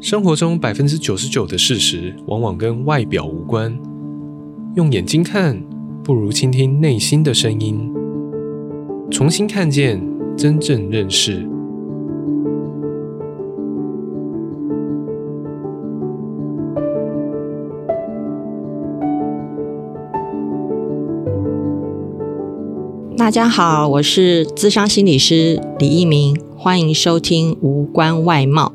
生活中百分之九十九的事實，往往跟外表無關。用眼睛看，不如傾聽內心的聲音，重新看見，真正認識。大家好，我是諮商心理師李一鳴，歡迎收聽《無關外貌》。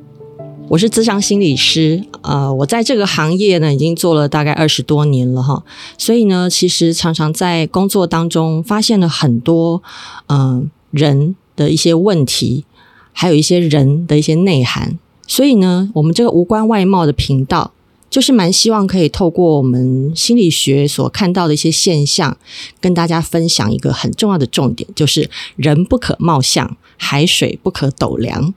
我是資深心理師，呃，我在這個行業呢已經做了大概二十多年了哈，所以呢，其實常常在工作當中發現了很多嗯、呃、人的一些問題，還有一些人的一些內涵，所以呢，我們這個無關外貌的頻道就是蠻希望可以透過我們心理學所看到的一些現象，跟大家分享一個很重要的重點，就是人不可貌相，海水不可斗量。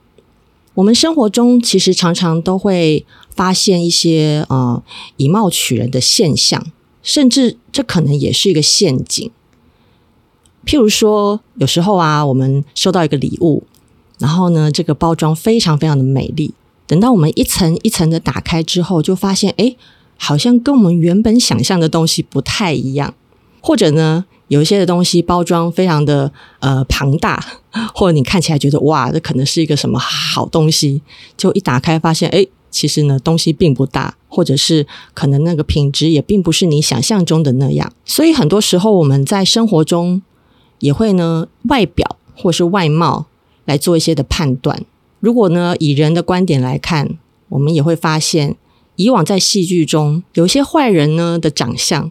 我們生活中其實常常都會發現一些呃以貌取人的現象，甚至這可能也是一個陷阱。譬如說，有時候啊，我們收到一個禮物，然後呢，這個包裝非常非常的美麗，等到我們一層一層的打開之後，就發現，誒，好像跟我們原本想象的東西不太一樣，或者呢，有一些的東西包裝非常的呃龐大，或者你看起來覺得哇，這可能是一個什麼好東西，就一打開發現，哎，其實呢東西並不大，或者是可能那個品質也並不是你想象中的那樣。所以很多時候我們在生活中也會呢外表或是外貌來做一些的判斷。如果呢以人的觀點來看，我們也會發現，以往在戲劇中有一些壞人呢的長相。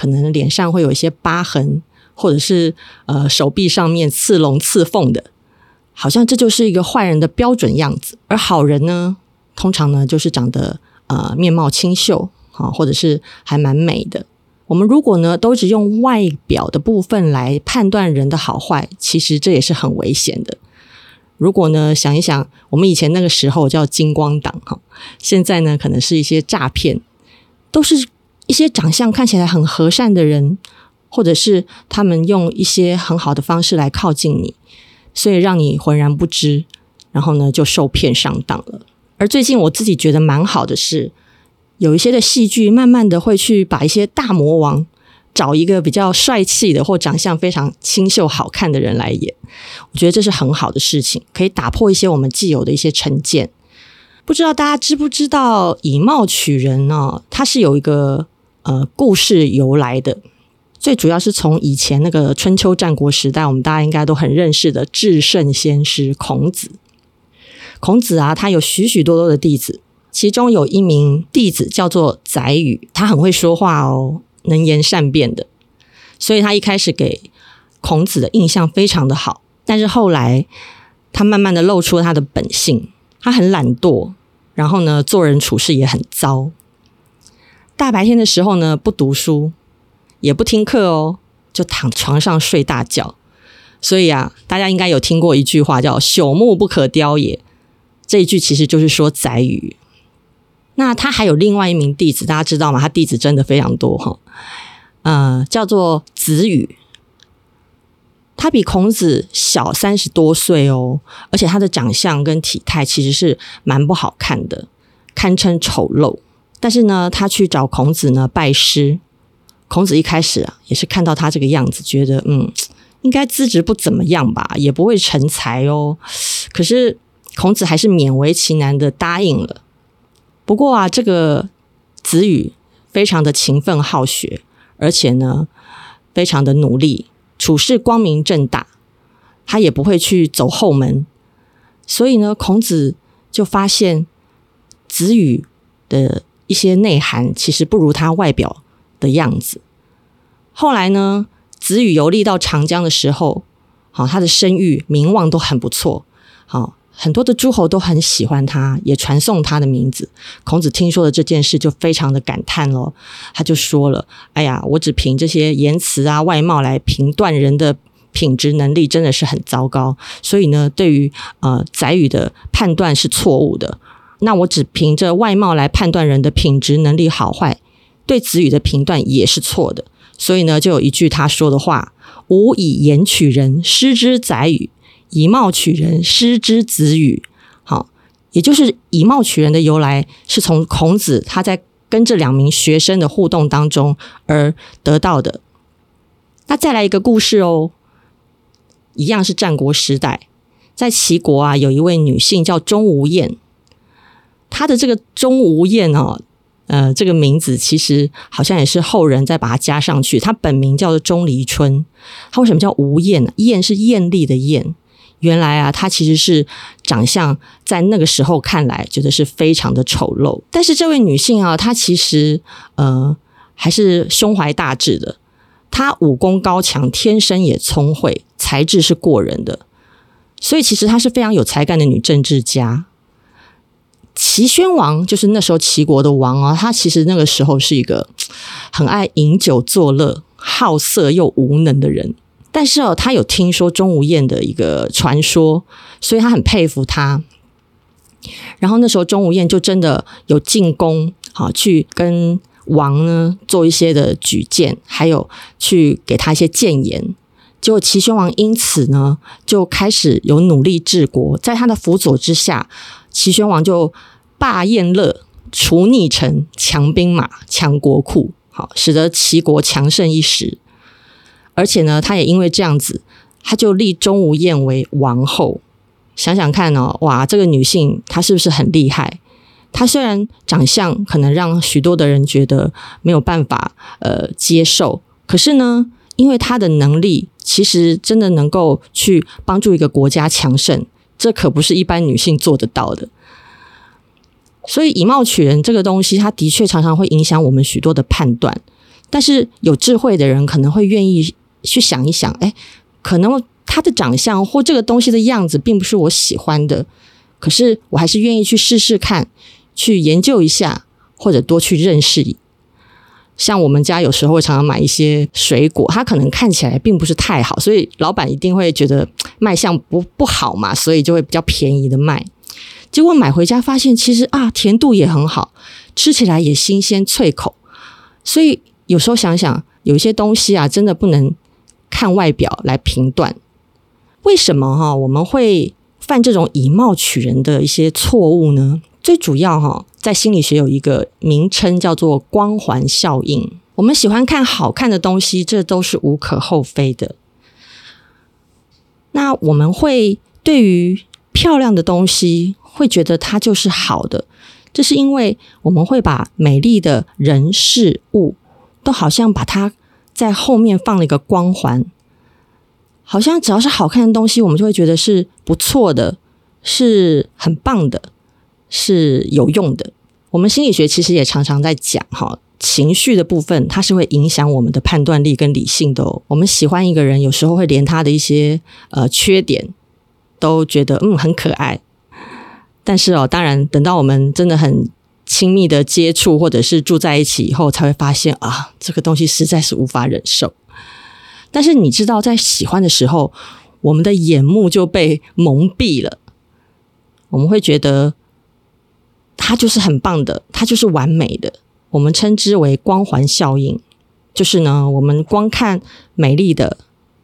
可能臉上會有一些疤痕，或者是呃手臂上面刺龍刺鳳的，好像這就是一個壞人的標準樣子。而好人呢，通常呢就是長得呃面貌清秀，啊，或者是還蠻美的。我們如果呢都只用外表的部分來判斷人的好壞，其實這也是很危險的。如果呢想一想，我們以前那個時候叫金光黨，哈，現在呢可能是一些詐騙，都是。一些長相看起來很和善的人，或者是他們用一些很好的方式來靠近你，所以讓你渾然不知，然後呢就受騙上當了。而最近我自己覺得蠻好的是，有一些的戲劇慢慢的會去把一些大魔王找一個比較帥氣的或長相非常清秀好看的人來演，我覺得這是很好的事情，可以打破一些我們既有的一些成見。不知道大家知不知道以貌取人呢？它是有一個。呃，故事由來的最主要是從以前那個春秋戰國時代，我們大家應該都很認識的至聖先師孔子。孔子啊，他有許許多多的弟子，其中有一名弟子叫做宰予，他很會說話哦，能言善辯的，所以他一開始給孔子的印象非常的好。但是後來，他慢慢的露出了他的本性，他很懶惰，然後呢，做人處事也很糟。大白天的時候呢，不讀書，也不聽課哦，就躺床上睡大覺。所以啊，大家應該有聽過一句話，叫“朽木不可雕也”。這一句其實就是說宰予。那他還有另外一名弟子，大家知道嗎？他弟子真的非常多哈。嗯、呃，叫做子羽，他比孔子小三十多歲哦，而且他的長相跟體態其實是蠻不好看的，堪稱醜陋。但是呢，他去找孔子呢拜師。孔子一開始啊，也是看到他這個樣子，覺得嗯，應該資質不怎麼樣吧，也不會成才哦。可是孔子還是勉為其難的答應了。不過啊，這個子羽非常的勤奮好學，而且呢，非常的努力，處事光明正大，他也不會去走後門。所以呢，孔子就發現子羽的。一些內涵其實不如他外表的樣子。後來呢，子羽遊歷到長江的時候，好，他的聲譽、名望都很不錯，好，很多的諸侯都很喜歡他，也傳頌他的名字。孔子聽說了這件事，就非常的感嘆咯，他就說了：“哎呀，我只憑這些言辭啊、外貌來評斷人的品質能力，真的是很糟糕。所以呢，對於呃宰予的判斷是錯誤的。”那我只憑着外貌來判斷人的品質能力好壞，對子羽的評斷也是錯的。所以呢，就有一句他說的話：“吾以言取人，失之宰予；以貌取人，失之子羽。”好，也就是“以貌取人”的由來，是從孔子他在跟這兩名學生的互動當中而得到的。那再來一個故事哦，一樣是戰國時代，在齊國啊，有一位女性叫鍾無艷。她的這個鍾無艷哦、啊，呃，這個名字其實好像也是後人再把它加上去。她本名叫做鍾離春，她為什麼叫無艷呢、啊？艷是艷麗的艷。原來啊，她其實是長相在那個時候看來覺得是非常的醜陋。但是這位女性啊，她其實呃還是胸懷大志的。她武功高強，天生也聰慧，才智是過人的。所以其實她是非常有才幹的女政治家。齊宣王就是那時候齊國的王哦，他其實那個時候是一個很愛飲酒作樂、好色又無能的人。但是哦，他有聽說鍾無艷的一個傳說，所以他很佩服他。然後那時候鍾無艷就真的有進宮，好、啊、去跟王呢做一些的舉薦，還有去給他一些諫言。結果齊宣王因此呢就開始有努力治國，在他的輔佐之下。齊宣王就罷宴樂，除逆臣，強兵馬，強國庫，好，使得齊國強盛一時而且呢，他也因為這樣子，他就立鍾無艷為王後。想想看哦，哇，這個女性她是不是很厲害？她雖然長相可能讓許多的人覺得沒有辦法呃接受，可是呢，因為她的能力，其實真的能夠去幫助一個國家強盛。這可不是一般女性做得到的，所以以貌取人這個東西，它的確常常會影響我們許多的判斷。但是有智慧的人可能會願意去想一想，哎，可能他的長相或這個東西的樣子並不是我喜歡的，可是我還是願意去試試看，去研究一下，或者多去認識。像我們家有時候會常常買一些水果，它可能看起來並不是太好，所以老闆一定會覺得賣相不不好嘛，所以就會比較便宜的賣。結果買回家發現，其實啊甜度也很好，吃起來也新鮮脆口。所以有時候想想，有一些東西啊，真的不能看外表來評斷。為什麼哈，我們會犯這種以貌取人的一些錯誤呢？最主要哈，在心理學有一個名稱叫做光環效應。我們喜歡看好看的東西，這都是無可厚非的。那我們會對於漂亮的東西，會覺得它就是好的，這是因為我們會把美麗的人事物都好像把它在後面放了一個光環，好像只要是好看的東西，我們就會覺得是不錯的，是很棒的。是有用的。我們心理學其實也常常在講哈，情緒的部分它是會影響我們的判斷力跟理性的哦。我們喜歡一個人，有時候會連他的一些呃缺點都覺得嗯很可愛。但是哦，當然等到我們真的很親密的接觸或者是住在一起以後，才會發現啊，這個東西實在是無法忍受。但是你知道，在喜歡的時候，我們的眼目就被蒙蔽了，我們會覺得。它就是很棒的，它就是完美的。我們稱之為光環效應，就是呢，我們光看美麗的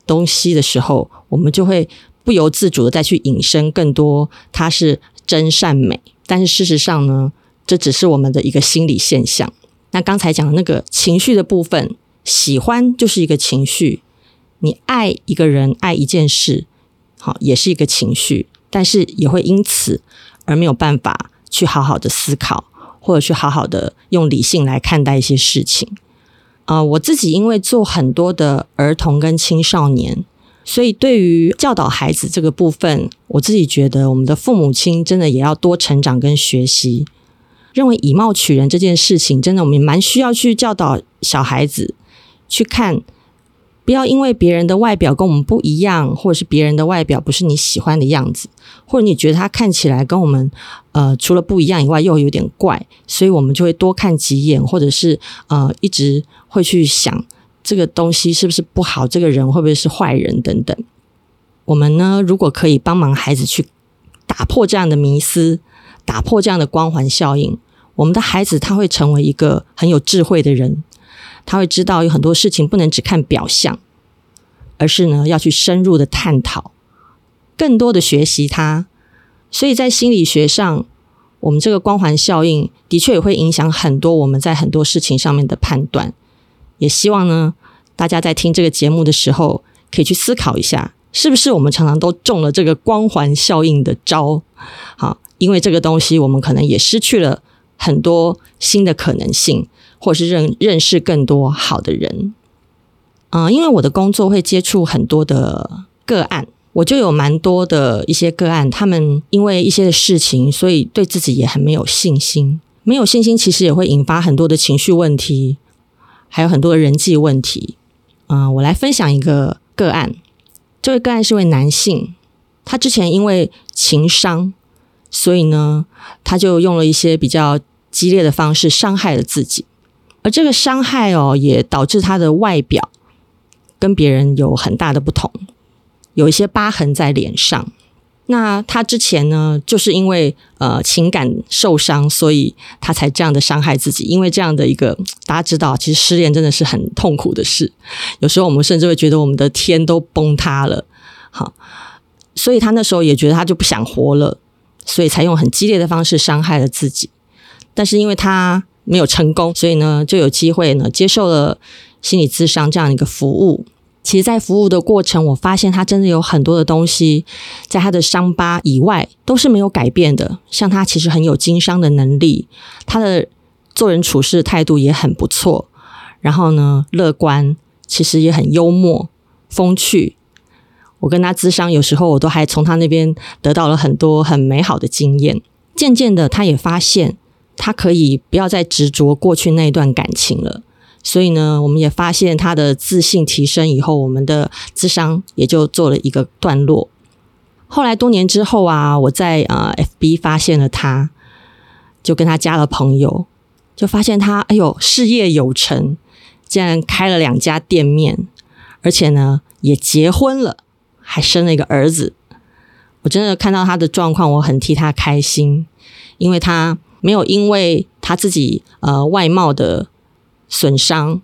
東西的時候，我們就會不由自主的再去引申更多它是真善美。但是事實上呢，這只是我們的一個心理現象。那剛才講的那個情緒的部分，喜歡就是一個情緒，你愛一個人、愛一件事，好，也是一個情緒，但是也會因此而沒有辦法。去好好的思考，或者去好好的用理性來看待一些事情啊，呃，我自己因為做很多的兒童跟青少年，所以對於教導孩子這個部分，我自己覺得我們的父母親真的也要多成長跟學習。認為以貌取人這件事情，真的我們蠻需要去教導小孩子去看。不要因為別人的外表跟我們不一樣，或者是別人的外表不是你喜歡的樣子，或者你覺得他看起來跟我們，呃，除了不一樣以外又有點怪，所以我們就會多看幾眼，或者是呃，一直會去想這個東西是不是不好，這個人會不會是壞人等等。我們呢，如果可以幫忙孩子去打破這樣的迷思，打破這樣的光環效應，我們的孩子他會成為一個很有智慧的人。他會知道有很多事情不能只看表象，而是呢，要去深入的探討，更多的學習它。所以在心理學上，我們這個光環效應的確也會影響很多我們在很多事情上面的判斷。也希望呢，大家在聽這個節目的時候，可以去思考一下，是不是我們常常都中了這個光環效應的招？好，因為這個東西，我們可能也失去了。很多新的可能性，或是認認識更多好的人啊、呃，因為我的工作會接觸很多的個案，我就有蠻多的一些個案，他們因為一些的事情，所以對自己也很沒有信心。沒有信心，其實也會引發很多的情緒問題，還有很多的人際問題。啊、呃，我來分享一個個案，這位個案是位男性，他之前因為情傷。所以呢，他就用了一些比較激烈的方式傷害了自己，而這個傷害哦，也導致他的外表跟別人有很大的不同，有一些疤痕在臉上。那他之前呢，就是因為呃情感受傷，所以他才這樣的傷害自己。因為這樣的一個，大家知道，其實失戀真的是很痛苦的事，有時候我們甚至會覺得我們的天都崩塌了。好，所以他那時候也覺得他就不想活了。所以才用很激烈的方式傷害了自己，但是因為他沒有成功，所以呢，就有機會呢接受了心理諮商這樣的一個服務。其實，在服務的過程，我發現他真的有很多的東西，在他的傷疤以外都是沒有改變的。像他其實很有經商的能力，他的做人處事態度也很不錯，然後呢，樂觀，其實也很幽默、風趣。我跟他諮商，有時候我都還從他那邊得到了很多很美好的經驗。漸漸的，他也發現他可以不要再執着過去那段感情了。所以呢，我們也發現他的自信提升以後，我們的諮商也就做了一個段落。後來多年之後啊，我在啊、呃、FB 發現了他，就跟他加了朋友，就發現他哎呦事業有成，竟然開了兩家店面，而且呢也結婚了。還生了一個兒子。我真的看到他的狀況，我很替他開心，因為他沒有因為他自己呃，外貌的損傷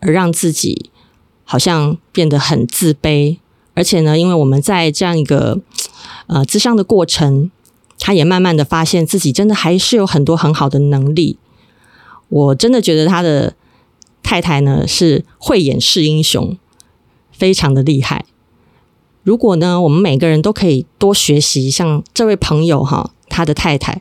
而讓自己好像變得很自卑。而且呢，因為我們在這樣一個呃諮商的過程，他也慢慢的發現自己真的還是有很多很好的能力。我真的覺得他的太太呢，是慧眼識英雄，非常的厲害。如果呢，我們每個人都可以多學習，像這位朋友哈、哦，他的太太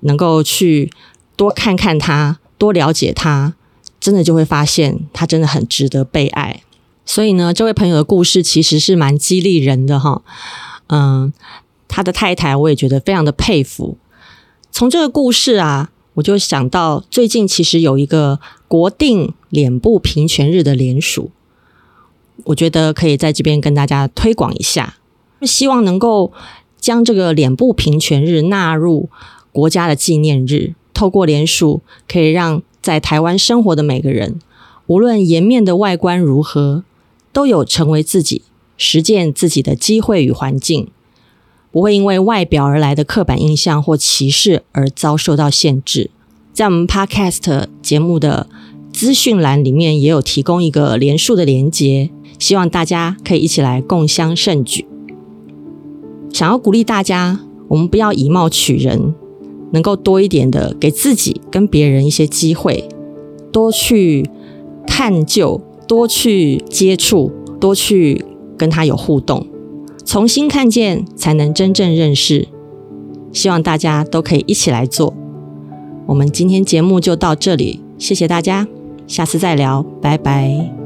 能夠去多看看他，多了解他，真的就會發現他真的很值得被愛。所以呢，這位朋友的故事其實是蠻激勵人的哈、哦。嗯，他的太太我也覺得非常的佩服。從這個故事啊，我就想到最近其實有一個國定臉部平權日的連署。我覺得可以在這邊跟大家推廣一下，希望能夠將這個臉部平權日納入國家的紀念日。透過連署，可以讓在台灣生活的每個人，無論顏面的外觀如何，都有成為自己、實踐自己的機會與環境，不會因為外表而來的刻板印象或歧視而遭受到限制。在我們 Podcast 節目的資訊欄裡面，也有提供一個連署的連接。希望大家可以一起來共襄盛舉。想要鼓勵大家，我們不要以貌取人，能夠多一點的給自己跟別人一些機會，多去探究，多去接觸，多去跟他有互動，重新看見才能真正認識。希望大家都可以一起來做。我們今天節目就到這裡，謝謝大家，下次再聊，拜拜。